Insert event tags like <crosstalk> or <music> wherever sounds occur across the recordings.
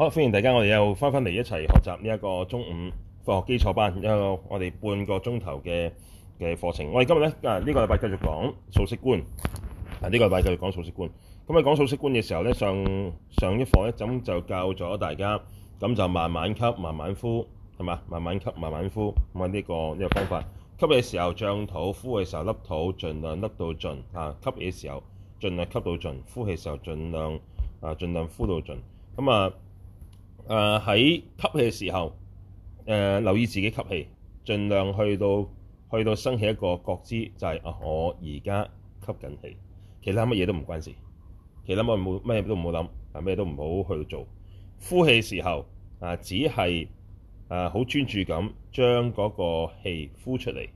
好，歡迎大家！我哋又翻翻嚟一齊學習呢一個中午佛學基礎班一個我哋半個鐘頭嘅嘅課程。我哋今日咧啊，呢、這個禮拜繼續講數息觀。啊，呢個禮拜繼續講數息觀。咁喺講數息觀嘅時候咧，上上一課一陣就教咗大家，咁就慢慢吸，慢慢呼，係嘛？慢慢吸，慢慢呼。咁、這、啊、個，呢、這個呢個方法吸嘅時候漲肚，呼嘅時候粒肚，儘量粒到盡啊，啊！吸嘅時候盡量吸到盡，呼氣時候儘量啊，儘量呼到盡。咁啊～誒喺吸氣嘅時候，誒、呃、留意自己吸氣，儘量去到去到生起一個覺知，就係啊，我而家吸緊氣。其他乜嘢都唔關事，其他乜冇咩都唔好諗啊，咩都唔好去做。呼氣時候啊，只係誒好專注咁將嗰個氣呼出嚟，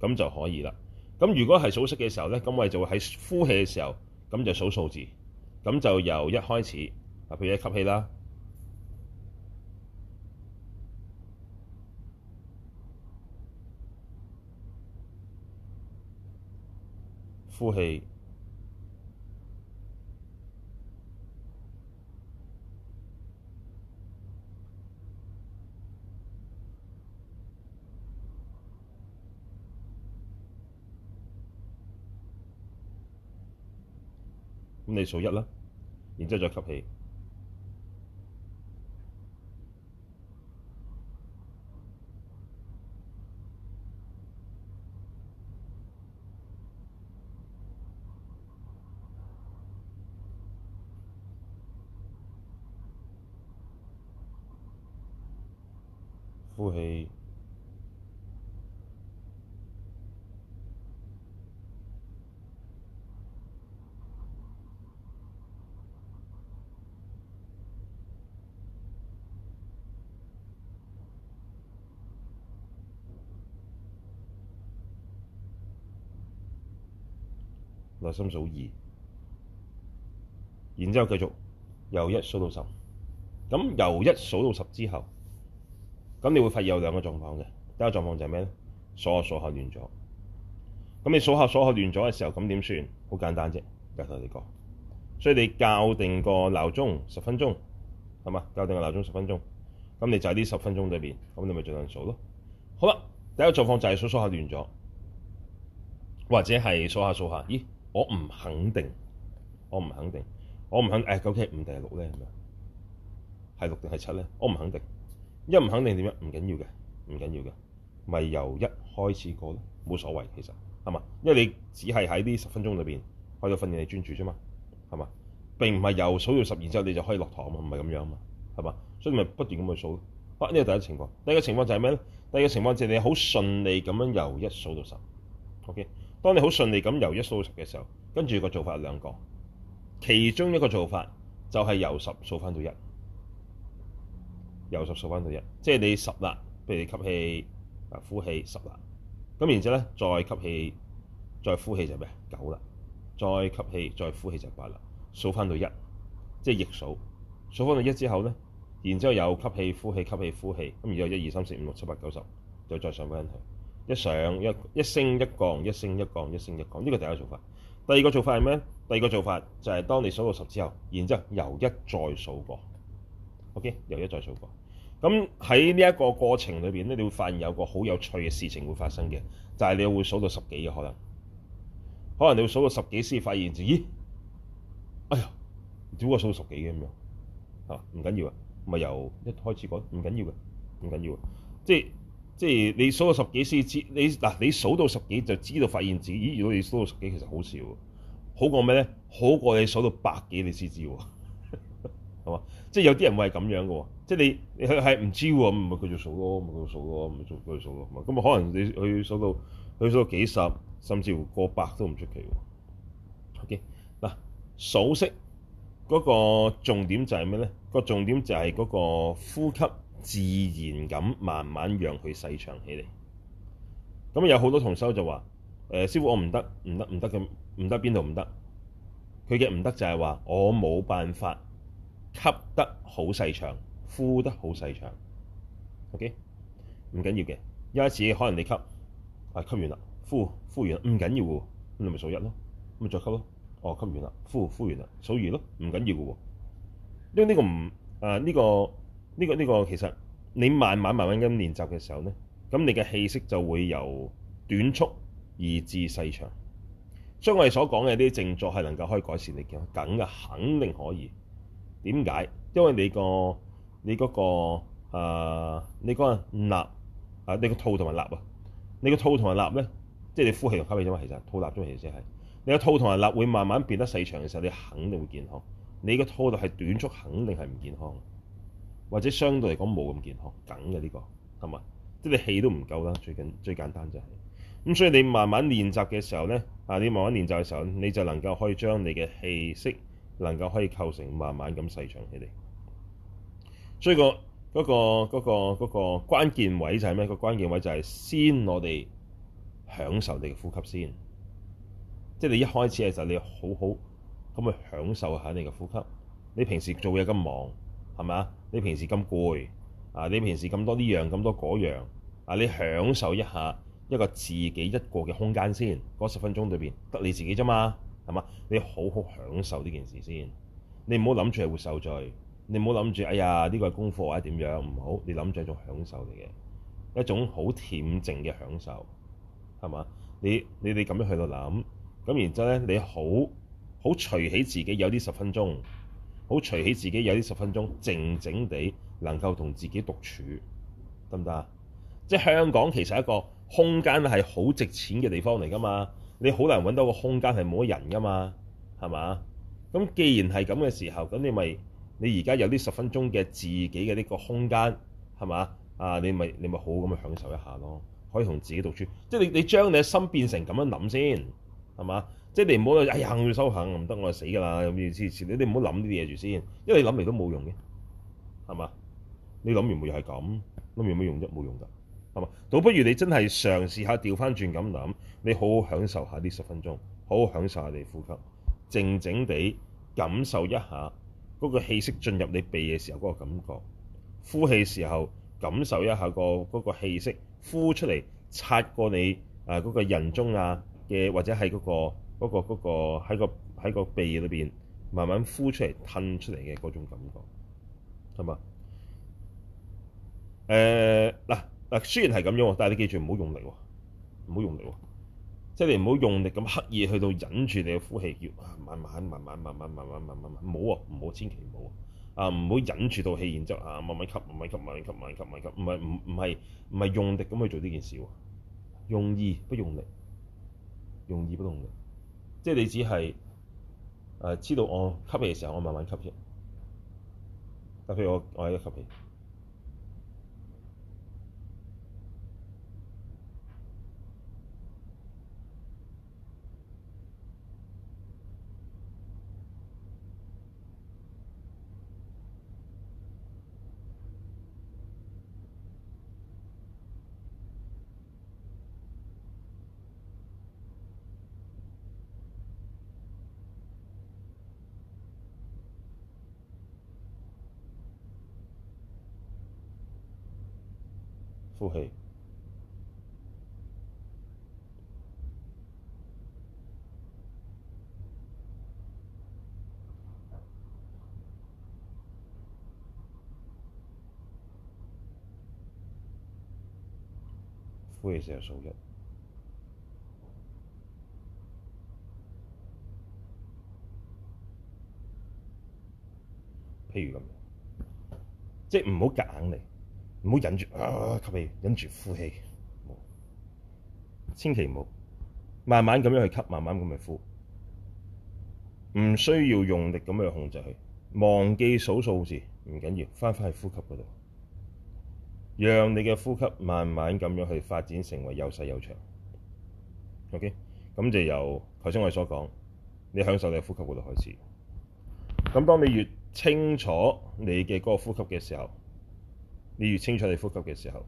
咁就可以啦。咁如果係數息嘅時候咧，咁我哋就會喺呼氣嘅時候，咁就，就數數字，咁就由一開始，啊，譬如一吸氣啦。呼氣，咁你數一啦，然之後再吸氣。內心數二，然之後繼續由一數到十。咁由一數到十之後，咁你會發現有兩個狀況嘅。第一個狀況就係咩咧？數下數下亂咗。咁你數下數下亂咗嘅時候，咁點算？好簡單啫，我同你講。所以你校定個鬧鐘十分鐘，係嘛？校定個鬧鐘十分鐘。咁你就喺呢十分鐘裏邊，咁你咪盡量數咯。好啦，第一個狀況就係數數下亂咗，或者係數下數下，咦？我唔肯定，我唔肯定，我唔肯定誒，究竟五定係六咧？係六定係七咧？我唔肯定，一唔肯定點樣？唔緊要嘅，唔緊要嘅，咪由一開始過咯，冇所謂其實係嘛？因為你只係喺呢十分鐘裏邊開咗訓練你專注啫嘛，係嘛？並唔係由數到十，然之後你就可以落堂啊嘛，唔係咁樣啊嘛，係嘛？所以咪不斷咁去數咯。啊，呢個第一個情況，第二個情況就係咩咧？第二個情況就係你好順利咁樣由一數到十。O K。當你好順利咁由一數十嘅時候，跟住個做法有兩個，其中一個做法就係由十數翻到一，由十數翻到一，即係你十啦，譬如你吸氣，呼氣十啦，咁然之後咧再吸氣，再呼氣就咩？九啦，再吸氣再呼氣就八啦，數翻到一，即係逆數，數翻到一之後咧，然之後又吸氣呼氣吸氣呼氣，咁然之後一二三四五六七八九十，就再上翻去。一上一一升一降一升一降一升一降，呢個第一個做法。第二個做法係咩？第二個做法就係當你數到十之後，然之後由一再數過。OK，由一再數過。咁喺呢一個過程裏邊咧，你會發現有個好有趣嘅事情會發生嘅，就係你會數到十幾嘅可能。可能你會數到十幾先發現自己，哎呀，點解數到十幾嘅咁樣啊，唔緊要啊，咪由一開始講，唔緊要嘅，唔緊要，即係。即係你數到十幾先知，你嗱你數到十幾就知道發現自己。咦？如果你數到十幾其實好少，好過咩咧？好過你數到百幾你先知喎，啊，係嘛？ <laughs> 即係有啲人會係咁樣嘅喎。即係你你係唔知喎，唔係佢就數咯，唔係佢就數咯，唔係佢就數咯。咁啊，可能你去數到去數到幾十，甚至乎過百都唔出奇。OK，嗱數息嗰、嗰個重點就係咩咧？嗰個重點就係嗰個呼吸。自然咁慢慢讓佢細長起嚟。咁有好多同修就話：誒、欸、師傅我，就是，我唔得唔得唔得。咁唔得邊度唔得？佢嘅唔得就係話我冇辦法吸得好細長，呼得好細長。OK，唔緊要嘅。有一次可能你吸啊吸完啦，呼呼完啦，唔緊要，咁你咪數一咯，咁咪再吸咯。哦，吸完啦，呼呼完啦，數二咯，唔緊要嘅喎。因為呢個唔啊呢個。呢、呢個呢、呢個其實你慢慢慢慢咁練習嘅時候咧，咁你嘅氣息就會由短促而至細長。將我哋所講嘅啲症狀係能夠可以改善你嘅梗啊，肯定可以。點解？因為你，你、嗰個、呃、你嗰個啊，你個納啊，你個吐同埋納啊，你個吐同埋納咧，即係你呼氣同吸氣啫嘛。其實吐納中其實係你個吐同埋納會慢慢變得細長嘅時候，你肯定會健康。你個吐就係短促，肯定係唔健康。或者相對嚟講冇咁健康梗嘅呢個係嘛？即係你氣都唔夠啦，最緊最簡單就係、是、咁，所以你慢慢練習嘅時候咧，啊，你慢慢練習嘅時候你就能夠可以將你嘅氣息能夠可以構成慢慢咁細長起嚟。所以、個嗰、個嗰、個嗰、個嗰個、關鍵位就係咩？個關鍵位就係先我哋享受你嘅呼吸先，即係你一開始嘅時候，你好好咁去享受下你嘅呼吸。你平時做嘢咁忙。係嘛？你平時咁攰啊！你平時咁多呢樣咁多嗰樣啊！你享受一下一個自己一個嘅空間先，嗰十分鐘對面得你自己咋嘛？係嘛？你好好享受呢件事先。你唔好諗住係會受罪，你唔好諗住哎呀呢個係功課或者點樣唔好，你諗住係一種享受嚟嘅，一種好恬靜嘅享受，係嘛？你你哋咁樣去到諗，咁然之後咧，你好好除起自己有呢十分鐘。好除起自己有啲十分鐘，靜靜地能夠同自己獨處，得唔得啊？即係香港其實係一個空間係好值錢嘅地方嚟㗎嘛，你好難搵到個空間係冇人㗎嘛，係嘛？咁既然係咁嘅時候，咁你咪你而家有啲十分鐘嘅自己嘅呢個空間，係嘛？啊，你咪你咪好咁去享受一下咯，可以同自己獨處，即係你你將你嘅心變成咁樣諗先，係嘛？即係你唔好哎呀，硬要收行，唔得，我死㗎啦！咁意思，你你唔好諗呢啲嘢住先，因為你諗嚟都冇用嘅，係嘛？你諗完會又係咁，咁有咩用啫？冇用㗎，係嘛？倒不如你真係嘗試下調翻轉咁諗，你好好享受下呢十分鐘，好好享受下你呼吸，靜靜地感受一下嗰個氣息進入你鼻嘅時候嗰個感覺，呼氣時候感受一下個嗰個氣息呼出嚟擦過你啊嗰個人中啊嘅或者係嗰個。嗰個嗰個喺個喺個鼻裏邊慢慢呼出嚟、吞出嚟嘅嗰種感覺係嘛？誒嗱嗱，雖然係咁樣，但係你記住唔好用力喎，唔好用力喎，即係你唔好用力咁刻意去到忍住你嘅呼氣，叫慢慢慢慢慢慢慢慢慢慢慢唔好喎，唔好千祈唔好啊！唔好忍住到氣然，然之後啊慢慢吸慢慢吸慢慢吸慢慢吸，唔係唔唔係唔係用力咁去做呢件事喎，用意不用力，用意不用力。用即係你只係、呃、知道我吸氣嘅時候，我慢慢吸氣。但譬如我，我係一吸氣。呼氣，呼氣時數一。譬如咁，即係唔好夾硬嚟。唔好忍住、呃、吸氣，忍住呼氣，千祈唔好，慢慢咁樣去吸，慢慢咁去呼，唔需要用力咁樣控制佢，忘記數數字，唔緊要，翻返去呼吸嗰度，讓你嘅呼吸慢慢咁樣去發展成為又細又長。OK，咁就由頭先我哋所講，你享受你呼吸嗰度開始，咁當你越清楚你嘅嗰個呼吸嘅時候。你越清楚你呼吸嘅時候，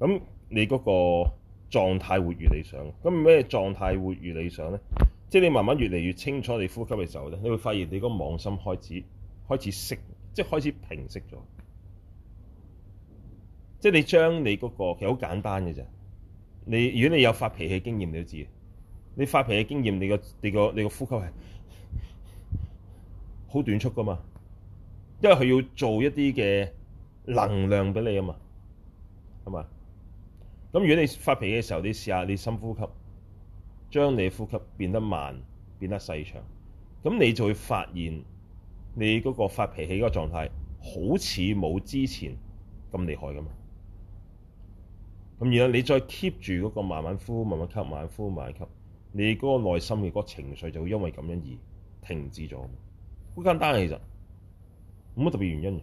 咁你嗰個狀態會越理想。咁咩狀態會越理想咧？即係你慢慢越嚟越清楚你呼吸嘅時候咧，你會發現你嗰個妄心開始開始息，即係開始平息咗。即係你將你嗰、嗰個其實好簡單嘅啫。你如果你有發脾氣經驗，你都知。你發脾氣經驗，你個你個你個呼吸係好短促噶嘛？因為佢要做一啲嘅。能量俾你啊嘛，係咪？咁如果你發脾氣嘅時候，你試下你深呼吸，將你呼吸變得慢、變得細長，咁你就會發現你嗰個發脾氣嗰個狀態好似冇之前咁厲害㗎嘛。咁然後你再 keep 住嗰個慢慢呼,呼、慢慢吸、慢慢呼、慢慢吸，你嗰個內心嘅嗰個情緒就會因為咁樣而停止咗。好簡單，其實冇乜特別原因。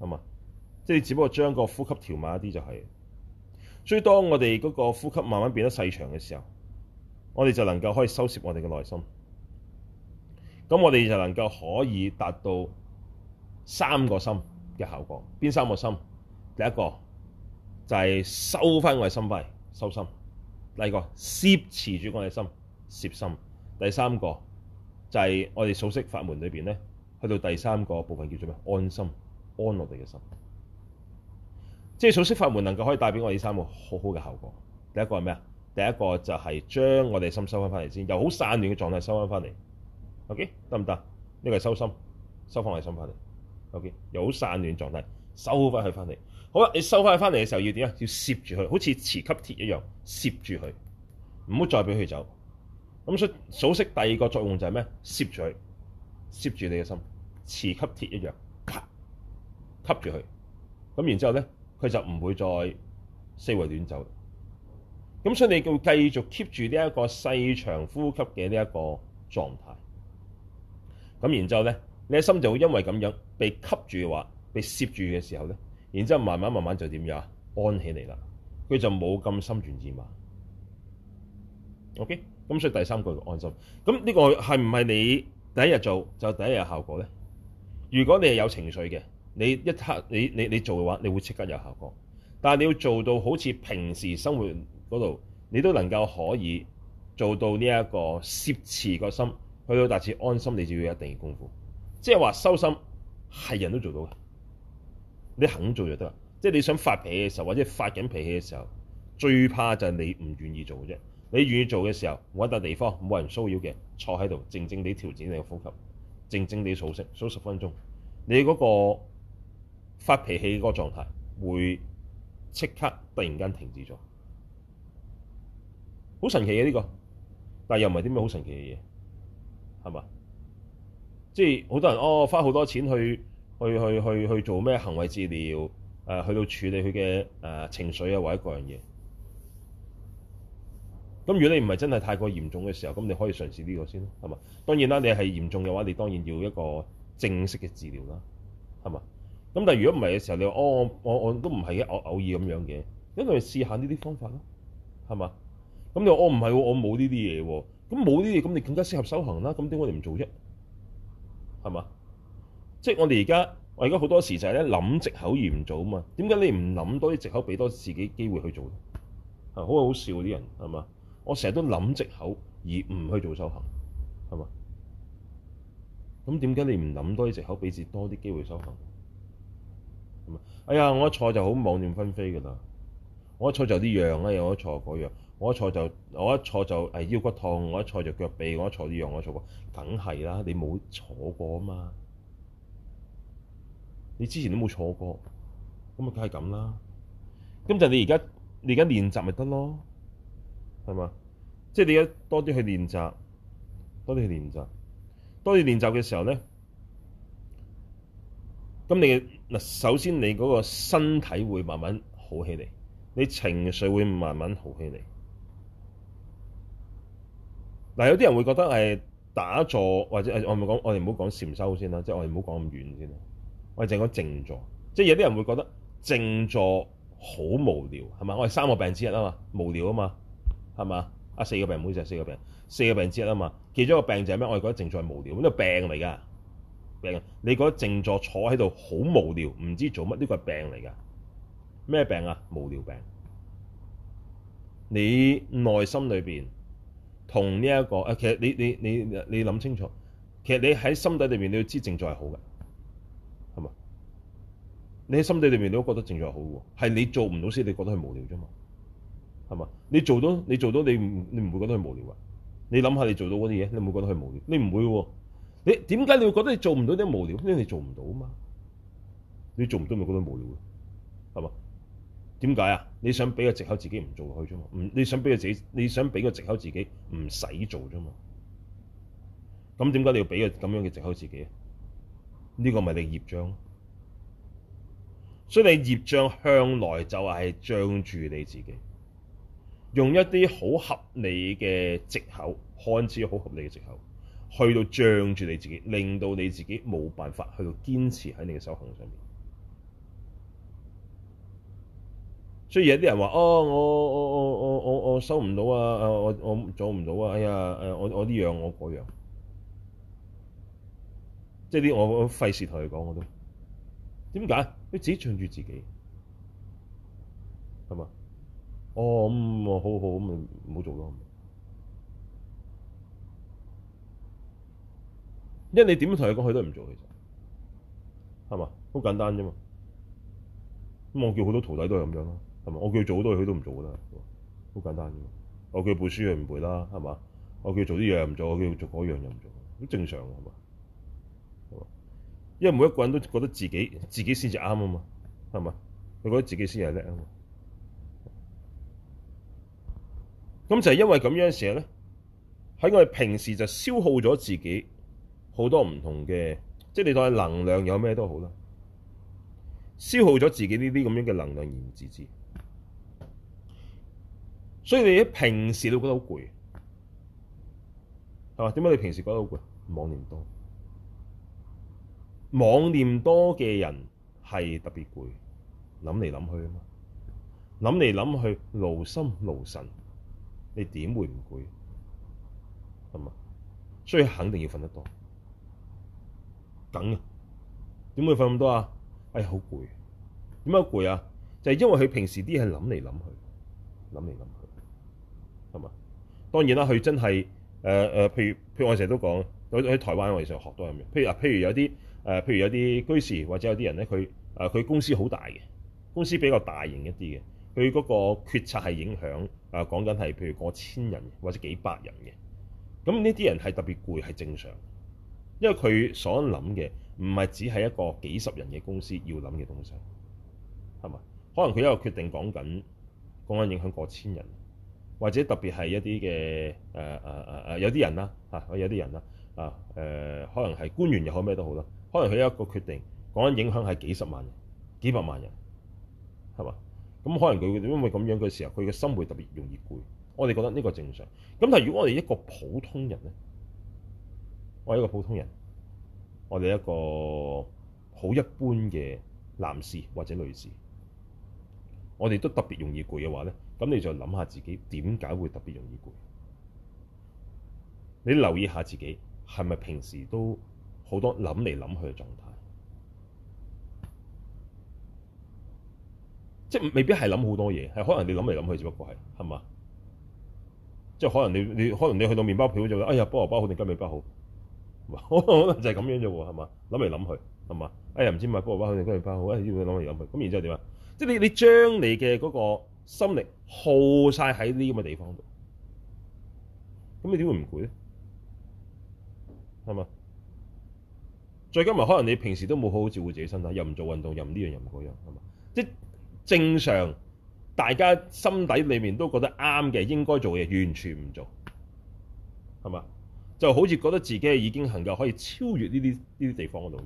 咁啊，即係只不過將個呼吸調慢一啲就係。所以當我哋嗰個呼吸慢慢變得細長嘅時候，我哋就能夠可以收攝我哋嘅內心。咁我哋就能夠可以達到三個心嘅效果。邊三個心？第一個就係、是、收翻我哋心肺，收心；第二個攝持住我哋心，攝心；第三個就係、是、我哋數息法門裏邊咧，去到第三個部分叫做咩，安心。安我哋嘅心，即係數息法門，能夠可以帶俾我哋三個好好嘅效果。第一個係咩啊？第一個就係將我哋心收翻翻嚟先，由好散亂嘅狀態收翻翻嚟。OK，得唔得？呢個係收心，收翻我哋心翻嚟。OK，由好散亂狀態收翻佢翻嚟。好啦，你收翻佢翻嚟嘅時候要點啊？要攝住佢，好似磁吸鐵一樣攝住佢，唔好再俾佢走。咁所以數息第二個作用就係咩？攝住佢，攝住你嘅心，磁吸鐵一樣。吸住佢，咁然之後咧，佢就唔會再四圍亂走。咁所以你要繼續 keep 住呢一個細長呼吸嘅呢一個狀態。咁然之後咧，你嘅心就會因為咁樣被吸住嘅話，被攝住嘅時候咧，然之後慢慢慢慢就點樣安起嚟啦。佢就冇咁心猿意馬。OK，咁所以第三句安心。咁呢個係唔係你第一日做就是、第一日效果咧？如果你係有情緒嘅。你一刻，你你你做嘅話，你會即刻有效果。但係你要做到好似平時生活嗰度，你都能夠可以做到呢一個攝持個心去到達至安心，你就要一定嘅功夫。即係話收心係人都做到嘅，你肯做就得啦。即係你想發脾氣嘅時候，或者發緊脾氣嘅時候，最怕就係你唔願意做嘅啫。你願意做嘅時候，揾笪地方冇人騷擾嘅，坐喺度靜靜地調整你嘅呼吸，靜靜地數息，數十分鐘，你嗰個發脾氣嗰個狀態會即刻突然間停止咗，好神奇嘅呢個，但又唔係啲咩好神奇嘅嘢，係嘛？即係好多人哦，花好多錢去去去去去，去做咩行為治療，誒、呃、去到處理佢嘅誒情緒啊，或者各樣嘢。咁如果你唔係真係太過嚴重嘅時候，咁你可以嘗試呢個先，係嘛？當然啦，你係嚴重嘅話，你當然要一個正式嘅治療啦，係嘛？咁但係如果唔係嘅時候，你話哦，我我，我都唔係嘅，我偶爾咁樣嘅，咁我哋試下呢啲方法咯，係嘛？咁你話我唔係喎，我冇呢啲嘢喎，咁冇呢啲嘢，咁你更加適合修行啦。咁點解你唔做啫？係嘛？即係我哋而家，我而家好多時就係咧諗藉口而唔做啊嘛。點解你唔諗多啲藉口，俾多自己機會去做咧？係好好笑啲人係嘛？我成日都諗藉口而唔去做修行，係嘛？咁點解你唔諗多啲藉口，俾自己多啲機會修行？哎呀，我一坐就好妄念紛飛噶啦。我一坐就啲樣啦，又一坐嗰樣。我一坐就、啊、我一坐就係腰骨痛，我一坐就腳痹。我一坐啲樣，我一坐梗係啦。你冇坐過啊嘛？你之前都冇坐過，咁啊，梗係咁啦。咁就你而家你而家練習咪得咯，係嘛？即、就、係、係、你而家多啲去練習，多啲去練習，多啲練習嘅時候咧，咁你。首先你嗰個身體會慢慢好起嚟，你情緒會慢慢好起嚟。嗱，有啲人會覺得係打坐或者我唔講，我哋唔好講禪修先啦，即係我哋唔好講咁遠先啦。我哋淨講靜坐，即係有啲人會覺得靜坐好無聊，係嘛？我係三個病之一啊嘛，無聊啊嘛，係嘛？啊，四個病，唔好意思，四個病，四個病之一啊嘛。其中一個病就係咩？我哋覺得靜坐係無聊，咁都係病嚟噶。你覺得靜坐坐喺度好無聊，唔知做乜，呢個係病嚟㗎。咩病啊？無聊病。你內心裏邊同呢一個誒，其實你你你你諗清楚，其實你喺心底裏邊你要知靜坐係好嘅，係嘛？你喺心底裏邊你都覺得靜坐係好嘅，係你做唔到先，你覺得係無聊啫嘛，係嘛？你做到你做到你唔你唔會覺得係無聊啊？你諗下你做到嗰啲嘢，你唔會覺得係無聊，你唔會喎。你點解你會覺得你做唔到啲無聊？因為你做唔到啊嘛，你做唔到咪覺得無聊咯，係嘛？點解啊？你想俾個藉口自己唔做落去啫嘛？唔你想俾個自己，你想俾個藉口自己唔使做啫嘛？咁點解你要俾個咁樣嘅藉口自己？呢個咪你業障。所以你業障向來就係仗住你自己，用一啲好合理嘅藉口，看似好合理嘅藉口。去到脹住你自己，令到你自己冇辦法去到堅持喺你嘅修行上面。所以有啲人話，哦，我我我我我收唔到啊！誒，我我做唔到啊！哎呀，誒，我、這個、我啲、這、樣、個、我嗰、這、樣、個，即係啲我我費事同佢講我都。點解？你自己脹住自己，係嘛？哦，咁、嗯、我、嗯、好好咁咪唔好做咯。因為你點樣同佢講，佢都唔做。其實係嘛，好簡單啫嘛。咁我叫好多徒弟都係咁樣咯，係嘛？我叫佢做好多嘢，佢都唔做噶啦。好簡單啫嘛。我叫佢背書佢唔背啦，係嘛？我叫佢做啲嘢又唔做，我叫佢做嗰樣又唔做，好正常㗎嘛，係嘛？因為每一個人都覺得自己自己先至啱啊嘛，係嘛？佢覺得自己先係叻啊嘛。咁就係因為咁樣嘅時候咧，喺我哋平時就消耗咗自己。好多唔同嘅，即係你當係能量有咩都好啦，消耗咗自己呢啲咁樣嘅能量而唔自知，所以你喺平時都覺得好攰，係嘛？點解你平時覺得好攰？妄念多，妄念多嘅人係特別攰，諗嚟諗去啊嘛，諗嚟諗去勞心勞神，你點會唔攰？係嘛？所以肯定要瞓得多。緊嘅點會瞓咁多、哎、啊？哎，好攰，點解好攰啊？就係、是、因為佢平時啲係諗嚟諗去，諗嚟諗去，係嘛？當然啦、啊，佢真係誒誒，譬如譬如我成日都講，喺台灣我哋成日學到咁樣。譬如啊，譬如有啲誒、呃，譬如有啲居士或者有啲人咧，佢誒佢公司好大嘅，公司比較大型一啲嘅，佢嗰個決策係影響誒，講緊係譬如過千人或者幾百人嘅，咁呢啲人係特別攰，係正常。因為佢所諗嘅唔係只係一個幾十人嘅公司要諗嘅東西，係咪？可能佢一個決定講緊講緊影響過千人，或者特別係一啲嘅誒誒誒誒有啲人啦嚇，有啲人啦啊誒、呃，可能係官員又好咩都好啦，可能佢有一個決定講緊影響係幾十萬人、幾百萬人，係嘛？咁可能佢會因為咁樣嘅時候，佢嘅心會特別容易攰。我哋覺得呢個正常。咁但係如果我哋一個普通人咧？我係一個普通人，我哋一個好一般嘅男士或者女士，我哋都特別容易攰嘅話咧，咁你就諗下自己點解會特別容易攰？你留意下自己係咪平時都好多諗嚟諗去嘅狀態？即係未必係諗好多嘢，係可能你諗嚟諗去，只不過係係嘛？即係可能你你可能你去到麪包鋪就話：哎呀，菠蘿包好定雞尾包好？可能 <laughs> 就係咁樣啫喎，係嘛？諗嚟諗去，係嘛？哎呀，唔知買波鞋好定跟住包好，依度諗嚟諗去，咁然之後點啊？即係你你將你嘅嗰個心力耗晒喺呢啲咁嘅地方度，咁你點會唔攰咧？係嘛？再加上可能你平時都冇好好照顧自己身體，又唔做運動，又唔呢樣又唔嗰樣，係嘛？即係正常，大家心底裡面都覺得啱嘅應該做嘅嘢，完全唔做，係嘛？就好似覺得自己已經能夠可以超越呢啲呢啲地方嗰度咁。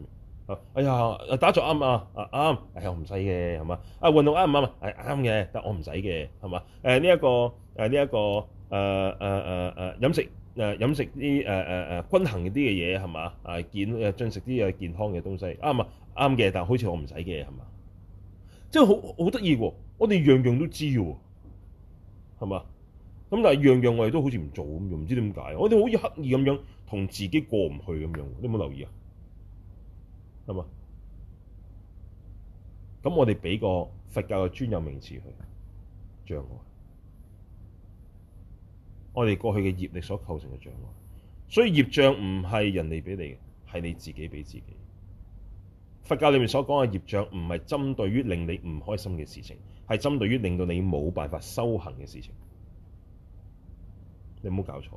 啊，哎呀，打坐啱啊，啊、哎、啱，誒我唔使嘅係嘛？啊運動啱唔啱啊？係啱嘅，但我唔使嘅係嘛？誒呢一個誒呢一個誒誒誒誒飲食誒、呃、飲食啲誒誒誒均衡啲嘅嘢係嘛？誒健進食啲誒健康嘅東西啱唔啱？啱嘅，但好似我唔使嘅係嘛？真係好好得意喎！我哋樣樣都知喎，哦，係嘛？咁但係樣樣我哋都好似唔做咁，又唔知點解，我哋好似刻意咁樣同自己過唔去咁樣。你有冇留意啊？係嘛？咁我哋俾個佛教嘅專有名詞去障礙，我哋過去嘅業力所構成嘅障礙。所以業障唔係人哋俾你嘅，係你自己俾自己。佛教裡面所講嘅業障唔係針對於令你唔開心嘅事情，係針對於令到你冇辦法修行嘅事情。你冇搞錯，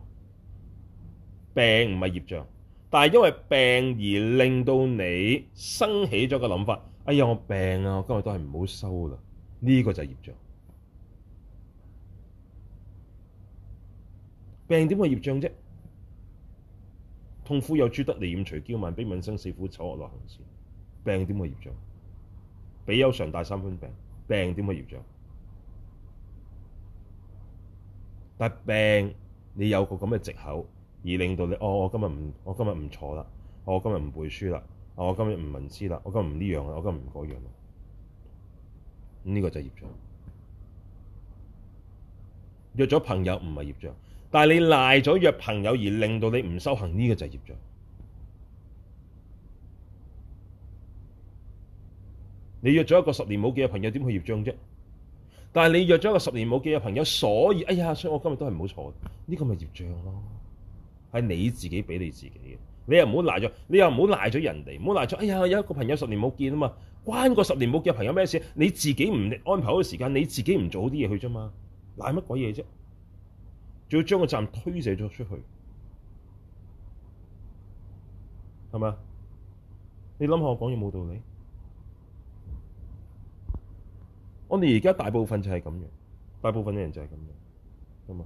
病唔係業障，但係因為病而令到你升起咗個諗法，哎呀，我病啊，我今日都係唔好收啦，呢、這個就係業障。病點會業障啫？痛苦有諸得利，染除驕慢，悲愍生死苦，醜惡落行善。病點會業障？比丘常帶三分病，病點會業障？但係病。你有個咁嘅藉口，而令到你，哦，我今日唔，我今日唔坐啦，我今日唔背書啦，我今日唔聞思啦，我今日唔呢樣啊，我今日唔嗰樣啊，呢、嗯這個就係業障。約咗朋友唔係業障，但係你賴咗約朋友而令到你唔修行呢、這個就係業障。你約咗一個十年冇見嘅朋友，點去業障啫？但係你約咗個十年冇見嘅朋友，所以哎呀，所以我今日都係唔好錯。呢、這個咪業障咯，係你自己俾你自己嘅。你又唔好賴咗，你又唔好賴咗人哋，唔好賴咗。哎呀，有一個朋友十年冇見啊嘛，關個十年冇見嘅朋友咩事？你自己唔安排好時間，你自己唔做好啲嘢去啫嘛，賴乜鬼嘢啫？仲要將個站推卸咗出去，係咪啊？你諗下我講嘢有冇道理？我哋而家大部分就係咁樣，大部分嘅人就係咁樣，咁啊，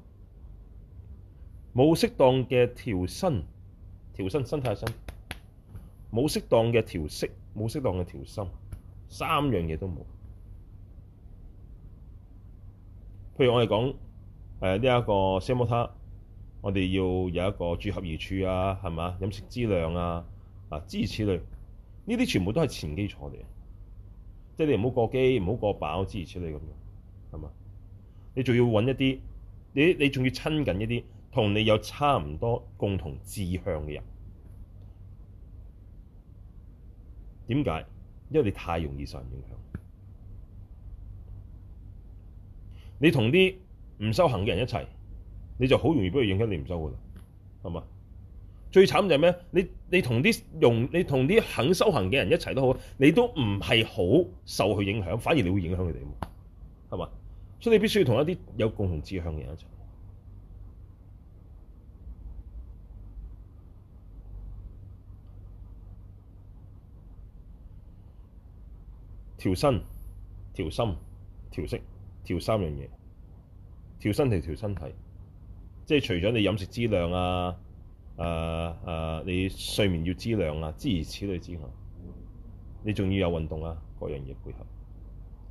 冇適當嘅調身、調身、身體身，冇適當嘅調息、冇適當嘅調心，三樣嘢都冇。譬如我哋講誒呢一個 samatha，我哋要有一個住合而處啊，係嘛？飲食知量啊，嗱、啊，諸如此類，呢啲全部都係前基礎嚟嘅。即係你唔好過飢，唔好過飽，之如此類咁樣，係嘛？你仲要搵一啲你，你仲要親近一啲同你有差唔多共同志向嘅人，點解？因為你太容易受人影響。你同啲唔修行嘅人一齊，你就好容易俾佢影響你，你唔修行啦，係嘛？最慘就係咩？你你同啲用你同啲肯修行嘅人一齊都好，你都唔係好受佢影響，反而你會影響佢哋啊嘛，係嘛？所以你必須要同一啲有共同志向嘅人一齊。調身、調心、調息、調三樣嘢。調身就係調身體，即係除咗你飲食之量啊。誒誒，uh, uh, 你睡眠要質量啊，諸如此類之類。你仲要有運動啊，各樣嘢配合，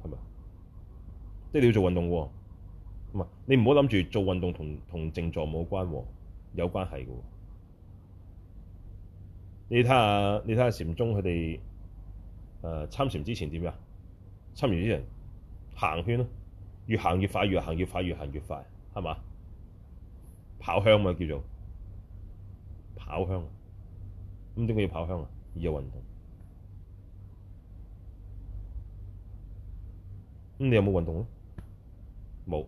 係咪？即、就、係、是、你要做運動喎、啊，你唔好諗住做運動同同靜坐冇關喎、啊，有關係嘅、啊。你睇下你睇下禪宗佢哋誒參禪之前點樣？參禪之前，行圈咯、啊，越行越快，越行越快，越行越快，係嘛？跑香嘛、啊、叫做。跑香、啊，咁點解要跑香啊？要有，有運動，咁你有冇運動咧？冇，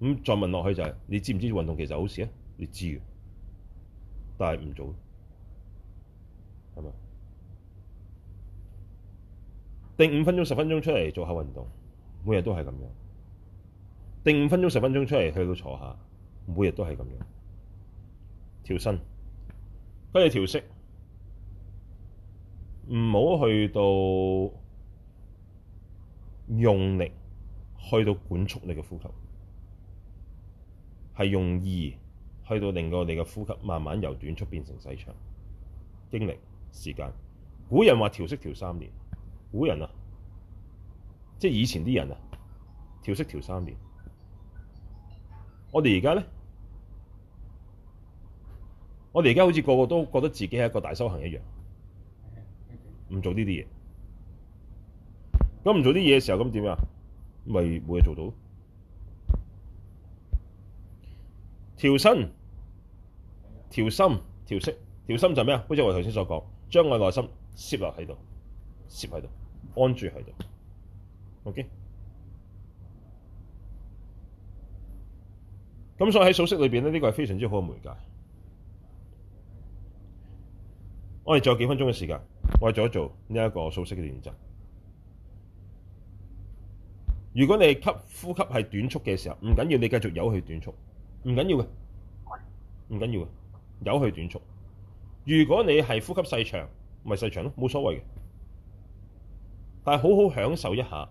咁再問落去就係、是、你知唔知運動其實好事咧、啊？你知但係唔做，係咪？定五分鐘、十分鐘出嚟做下運動，每日都係咁樣。定五分鐘、十分鐘出嚟去到坐下，每日都係咁樣，調身。可以調息，唔好去到用力，去到管束你嘅呼吸，係用意去到令到你嘅呼吸慢慢由短促變成細長，經歷時間，古人話調息調三年，古人啊，即係以前啲人啊，調息調三年，我哋而家咧。我哋而家好似個個都覺得自己係一個大修行一樣，唔做呢啲嘢。咁唔做啲嘢嘅時候，咁點啊？咪冇嘢做到。調身、調心、調息、調心就咩啊？好似我頭先所講，將我內心攝留喺度，攝喺度，安住喺度。OK。咁所以喺數息裏邊咧，呢個係非常之好嘅媒介。我哋仲有幾分鐘嘅時間，我哋做一做呢一個數息嘅練習。如果你吸呼吸係短促嘅時候，唔緊要，你繼續有去短促，唔緊要嘅，唔緊要嘅，有去短促。如果你係呼吸細長，咪細長咯，冇所謂嘅。但係好好享受一下，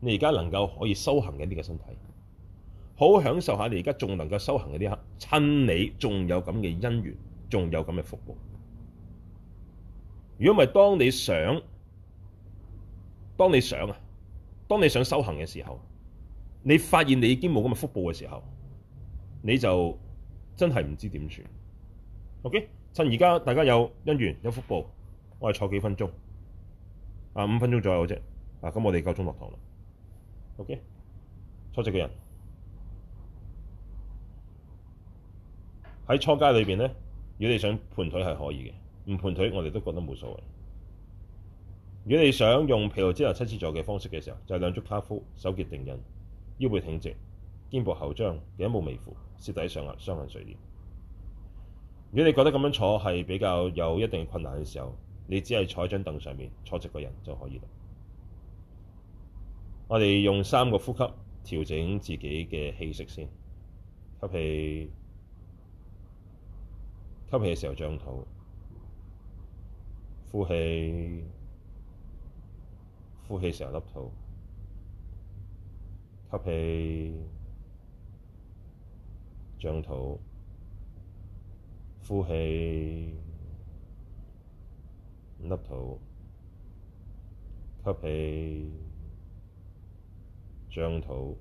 你而家能夠可以修行緊呢個身體，好好享受下你而家仲能夠修行緊呢刻啊，趁你仲有咁嘅因緣，仲有咁嘅福報。如果唔係，當你想，當你想啊，當你想修行嘅時候，你發現你已經冇咁嘅福報嘅時候，你就真係唔知點算。OK，趁而家大家有因緣有福報，我哋坐幾分鐘，啊五分鐘左右啫。啊，咁、啊、我哋夠鐘落堂啦。OK，坐席嘅人喺初階裏邊咧，如果你想盤腿係可以嘅。唔盤腿，我哋都覺得冇所謂。如果你想用毗盧遮那七支坐嘅方式嘅時候，就係兩足跏趺，手結定印，腰背挺直，肩部後張，頸部微扶，舌抵上顎，雙痕垂練。如果你覺得咁樣坐係比較有一定困難嘅時候，你只係坐喺張凳上面坐直個人就可以啦。我哋用三個呼吸調整自己嘅氣息先，吸氣，吸氣嘅時候脹肚。呼氣，呼氣成粒肚，吸氣，張肚，呼氣，粒肚，吸氣，張肚，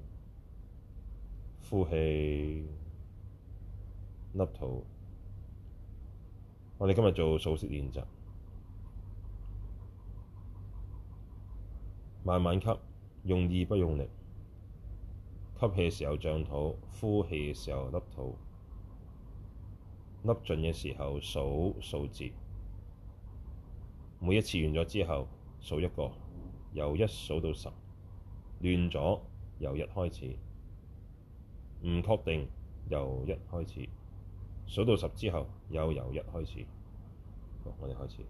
呼氣，粒肚。我哋今日做數息練習。慢慢吸，用意不用力。吸氣時候漲肚，呼氣時候凹肚。凹盡嘅時候數數字。每一次完咗之後，數一個，由一數到十。亂咗，由一開始。唔確定，由一開始。數到十之後，又由一開始。好，我哋開始。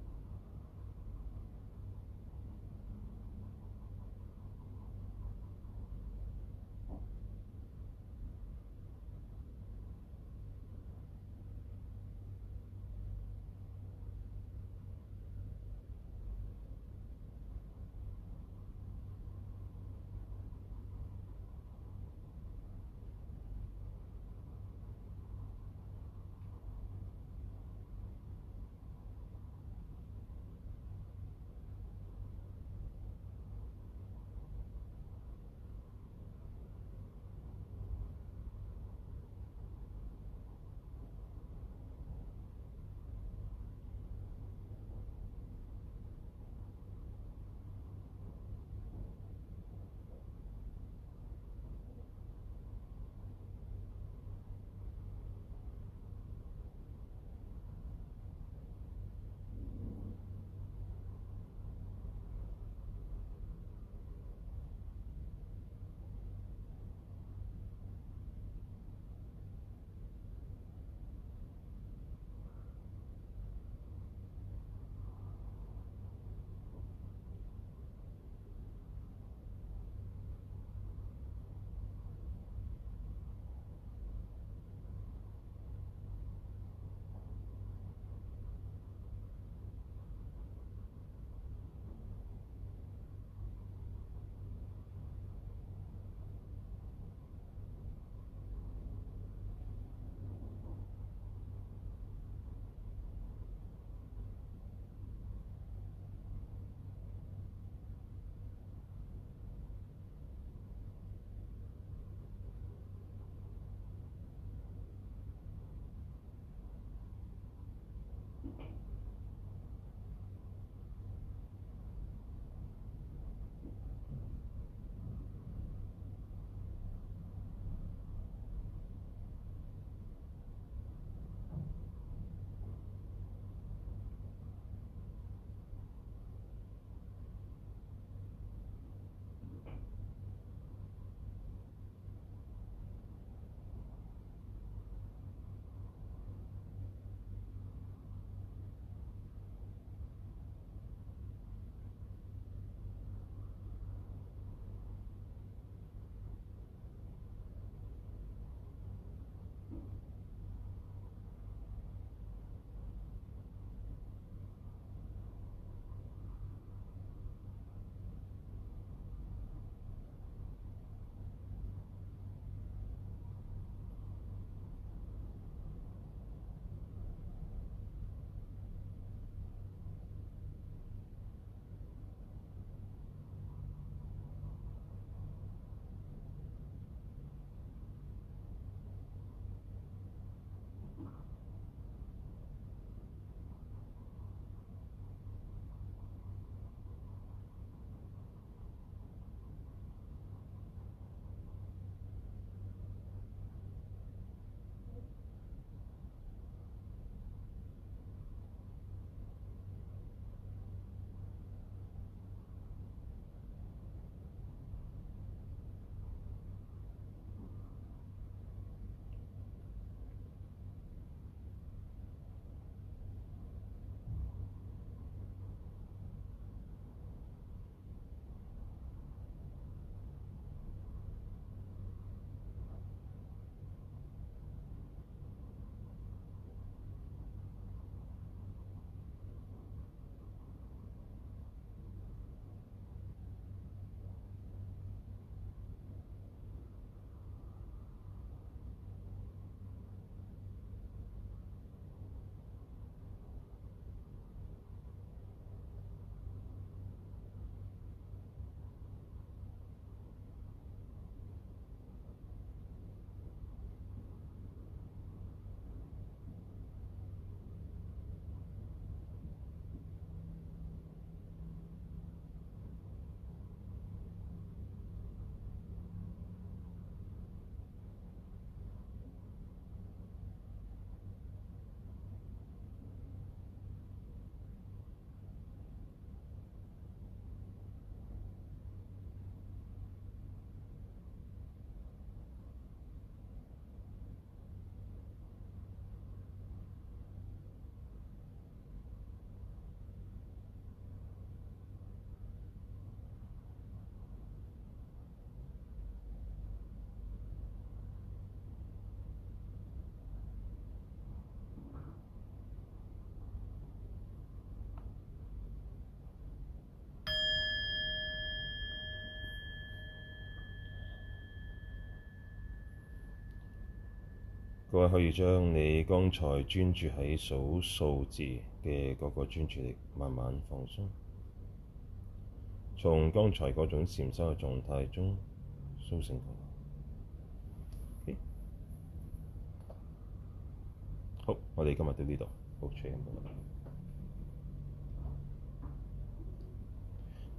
各位可以將你剛才專注喺數數字嘅嗰個專注力慢慢放鬆，從剛才嗰種禪修嘅狀態中甦醒。咦？Okay. 好，我哋今日到呢度，好。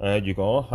誒，如果係。